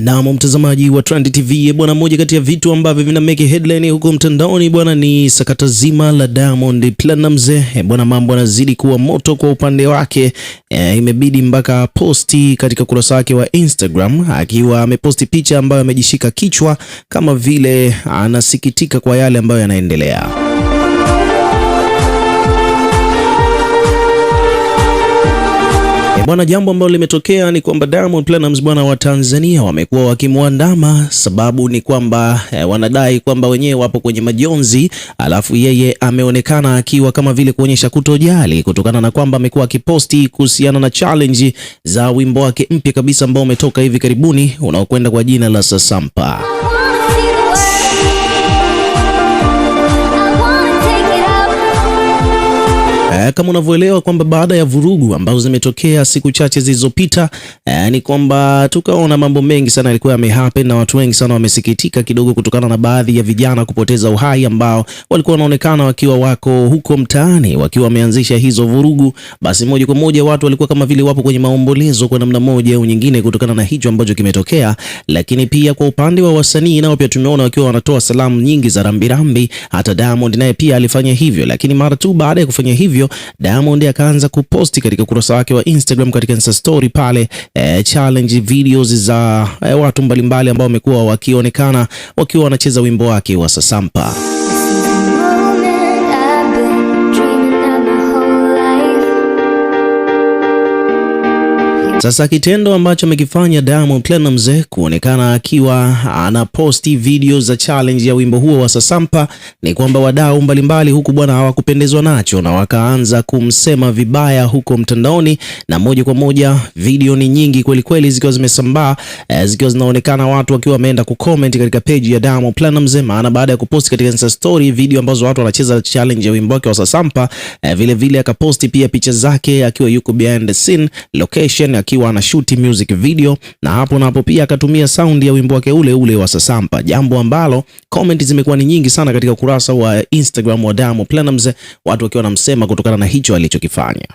Naam, mtazamaji wa Trend TV e bwana, moja kati ya vitu ambavyo vina make headline huko mtandaoni bwana ni sakata zima la Diamond Platnumz e bwana, mambo yanazidi kuwa moto kwa upande wake. E, imebidi mpaka posti katika kurasa wake wa Instagram akiwa ameposti picha ambayo amejishika kichwa kama vile anasikitika kwa yale ambayo yanaendelea. Bwana, jambo ambalo limetokea ni kwamba Diamond Platinumz bwana, wa Tanzania wamekuwa wakimwandama, sababu ni kwamba eh, wanadai kwamba wenyewe wapo kwenye majonzi, alafu yeye ameonekana akiwa kama vile kuonyesha kutojali kutokana na kwamba amekuwa akiposti kuhusiana na challenge za wimbo wake mpya kabisa ambao umetoka hivi karibuni unaokwenda kwa jina la Sasampa. E, kama unavyoelewa kwamba baada ya vurugu ambazo zimetokea siku chache zilizopita, e, ni kwamba tukaona mambo mengi sana yalikuwa yamehappen na watu wengi sana wamesikitika kidogo kutokana na baadhi ya vijana kupoteza uhai ambao walikuwa wanaonekana wakiwa wako huko mtaani wakiwa wameanzisha hizo vurugu. Basi moja kwa moja watu walikuwa kama vile wapo kwenye maombolezo kwa namna moja au nyingine kutokana na hicho ambacho kimetokea, lakini pia kwa upande wa wasanii nao pia tumeona wakiwa wanatoa salamu nyingi za rambirambi. Hata Diamond naye pia alifanya hivyo, lakini mara tu baada ya kufanya hivyo Diamond akaanza kuposti katika ukurasa wake wa Instagram katika Insta story pale e, challenge videos za e, watu mbalimbali ambao wamekuwa wakionekana wakiwa wanacheza wimbo wake wa Sasampa. Sasa kitendo ambacho amekifanya Diamond Platnumz kuonekana akiwa anaposti video za challenge ya wimbo huo wa Sasampa ni kwamba wadau mbalimbali huku bwana hawakupendezwa nacho na wakaanza kumsema vibaya huko mtandaoni, na moja kwa moja video ni nyingi kweli kweli zikiwa zimesambaa eh, zikiwa zinaonekana watu wakiwa wameenda kucomment katika page ya Diamond Platnumz, maana baada ya kuposti katika Insta story video ambazo watu wanacheza challenge ya wimbo wake wa Sasampa, eh, vile vile akaposti pia picha zake akiwa yuko behind the scene location akiwa anashuti music video, na hapo napo pia akatumia sound ya wimbo wake ule ule wa Sasampa, jambo ambalo comment zimekuwa ni nyingi sana katika ukurasa wa Instagram wa Diamond Platnumz, watu wakiwa wanamsema kutokana na hicho alichokifanya.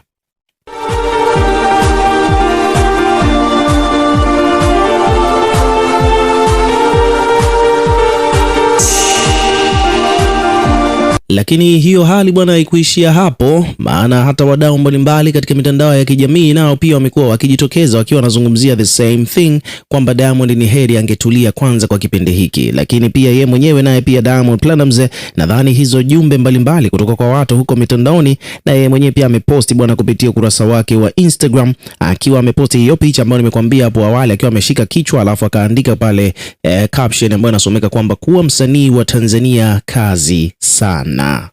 Lakini hiyo hali bwana haikuishia hapo, maana hata wadau mbalimbali katika mitandao ya kijamii nao pia wamekuwa wakijitokeza wakiwa wanazungumzia the same thing kwamba Diamond ni heri angetulia kwanza kwa kipindi hiki, lakini pia ye mwenyewe naye pia Diamond Platnumz, nadhani hizo jumbe mbalimbali kutoka kwa watu huko mitandaoni, na ye mwenyewe pia ameposti bwana kupitia ukurasa wake wa Instagram akiwa ameposti hiyo picha ambayo nimekuambia hapo awali, akiwa ameshika kichwa alafu akaandika pale eh, caption ambayo inasomeka kwamba kuwa msanii wa Tanzania kazi sana. nah.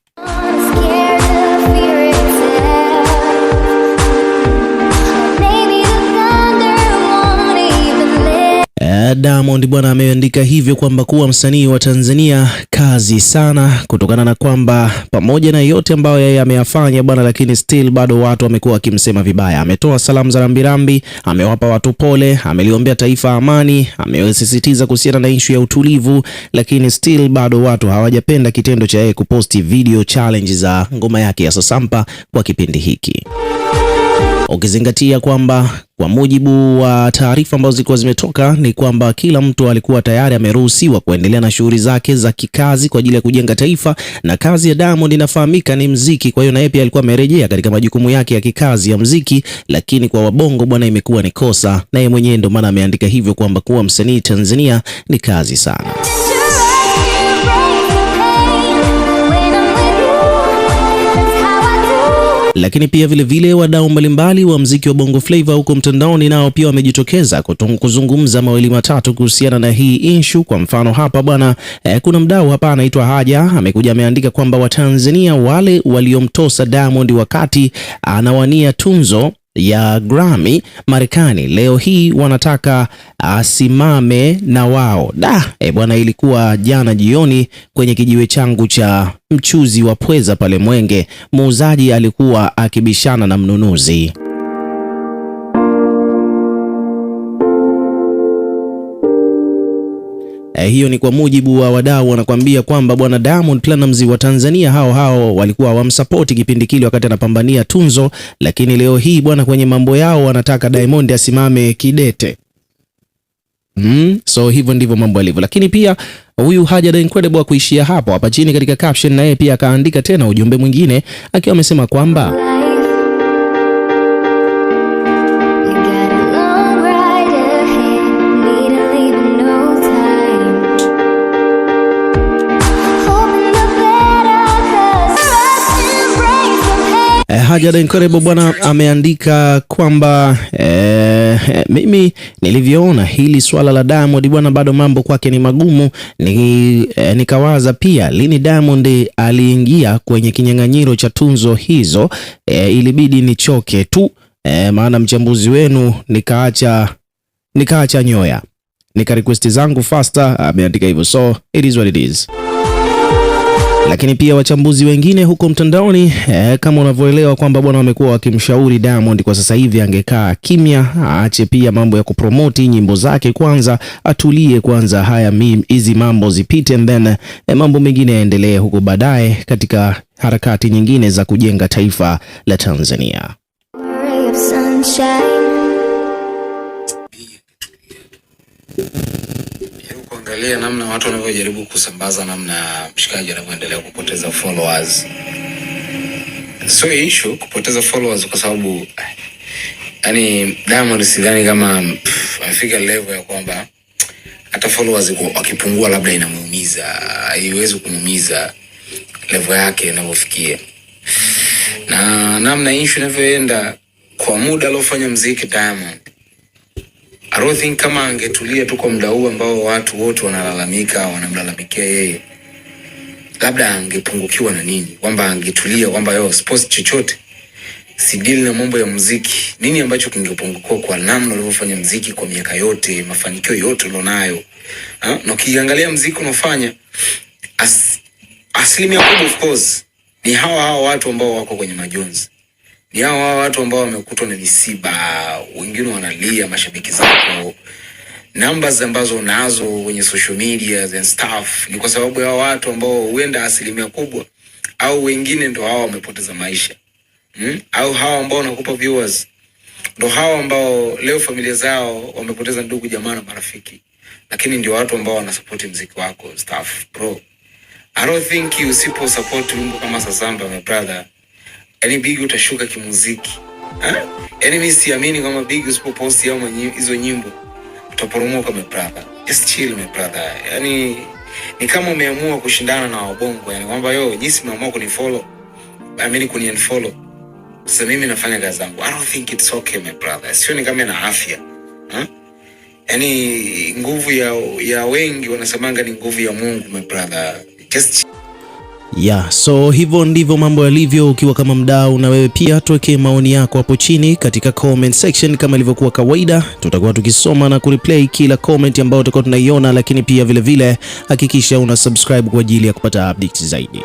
Diamond bwana ameandika hivyo kwamba kuwa msanii wa Tanzania kazi sana, kutokana na kwamba pamoja na yote ambayo yeye ameyafanya bwana, lakini still bado watu wamekuwa wakimsema vibaya. Ametoa salamu za rambirambi, amewapa watu pole, ameliombea taifa amani, amesisitiza kuhusiana na ishu ya utulivu, lakini still bado watu hawajapenda kitendo cha yeye kuposti video challenge za ngoma yake ya Sasampa kwa kipindi hiki ukizingatia kwamba kwa mujibu wa taarifa ambazo zilikuwa zimetoka ni kwamba kila mtu alikuwa tayari ameruhusiwa kuendelea na shughuli zake za kikazi kwa ajili ya kujenga taifa, na kazi ya Diamond inafahamika ni mziki. Kwa hiyo na yeye pia alikuwa amerejea katika majukumu yake ya kikazi ya mziki, lakini kwa wabongo bwana, imekuwa ni kosa, na yeye mwenyewe ndio maana ameandika hivyo kwamba kuwa msanii Tanzania ni kazi sana. Lakini pia vilevile wadau mbalimbali wa mziki wa Bongo Flava huko mtandaoni nao pia wamejitokeza kuzungumza mawili matatu kuhusiana na hii inshu. Kwa mfano hapa bwana eh, kuna mdau hapa anaitwa Haja amekuja ameandika kwamba Watanzania wale waliomtosa Diamond wakati anawania tunzo ya Grammy Marekani leo hii wanataka asimame na wao. Da e bwana, ilikuwa jana jioni kwenye kijiwe changu cha mchuzi wa pweza pale Mwenge, muuzaji alikuwa akibishana na mnunuzi. Eh, hiyo ni kwa mujibu wa wadau wanakuambia kwamba bwana Diamond Platinumz wa Tanzania hao hao walikuwa hawamsapoti kipindi kile wakati anapambania tunzo, lakini leo hii bwana, kwenye mambo yao wanataka Diamond asimame kidete. Mm, so hivyo ndivyo mambo yalivyo, lakini pia huyu Haja the Incredible kuishia hapo hapa chini katika caption, na yeye pia akaandika tena ujumbe mwingine akiwa amesema kwamba Hajar Incredible bwana ameandika kwamba eh, mimi nilivyoona hili swala la Diamond bwana bado mambo kwake ni magumu ni, eh, nikawaza pia lini Diamond aliingia kwenye kinyang'anyiro cha tunzo hizo eh, ilibidi nichoke tu eh, maana mchambuzi wenu nikaacha nikaacha nyoya nika request zangu faster ameandika hivyo so it is what it is lakini pia wachambuzi wengine huko mtandaoni eh, kama unavyoelewa kwamba bwana, wamekuwa wakimshauri Diamond kwa sasa hivi angekaa kimya, aache pia mambo ya kupromoti nyimbo zake, kwanza atulie kwanza, haya hizi mambo zipite, and then eh, mambo mengine yaendelee huko baadaye katika harakati nyingine za kujenga taifa la Tanzania. Ukiangalia namna watu wanavyojaribu kusambaza, namna mshikaji anavyoendelea kupoteza followers, So issue kupoteza followers kwa sababu yani Diamond sidhani kama amefika level ya kwamba hata followers wakipungua labda inamuumiza, haiwezi kumuumiza level yake inavyofikia, na namna issue inavyoenda kwa muda aliofanya mziki Diamond I don't think kama angetulia tu kwa muda huu ambao watu wote wanalalamika wanamlalamikia yeye, labda angepungukiwa na nini, kwamba angetulia kwamba yo sports chochote sidili na mambo ya muziki. Nini ambacho kingepungukiwa kwa namna ulivyofanya muziki kwa miaka yote, mafanikio yote ulionayo, na ukiangalia muziki unaofanya as, asilimia kubwa of course ni hawa hawa watu ambao wako kwenye majonzi ni hawa watu ambao wamekutwa na misiba, wengine wanalia, mashabiki zako, numbers ambazo unazo kwenye social media and stuff, ni kwa sababu ya watu ambao huenda asilimia kubwa au wengine ndo hawa wamepoteza maisha hmm? au hawa ambao wanakupa viewers ndo hawa ambao leo familia zao wamepoteza ndugu, jamaa na marafiki, lakini ndio watu ambao wanasapoti mziki wako stuff. Bro, I don't think you usipo support wimbo kama Sasamba my brother yani Bigi utashuka kimuziki eh? Yani mi siamini kama Bigi usipoposti au hizo nyimbo utaporomoka, my brother, just chill my brother. Yani ni kama umeamua kushindana na wabongo, yani kwamba yo jinsi umeamua kunifollow, I mean kuniunfollow. Sasa mimi nafanya kazi zangu, I don't think it's okay my brother, sio ni kama na afya eh? Yani nguvu ya, ya wengi wanasemanga ni nguvu ya Mungu my brother, just Yeah, so hivyo ndivyo mambo yalivyo. Ukiwa kama mdau, na wewe pia tuwekee maoni yako hapo chini katika comment section. Kama ilivyokuwa kawaida, tutakuwa tukisoma na kureplay kila comment ambayo utakuwa tunaiona, lakini pia vilevile hakikisha una subscribe kwa ajili ya kupata updates zaidi.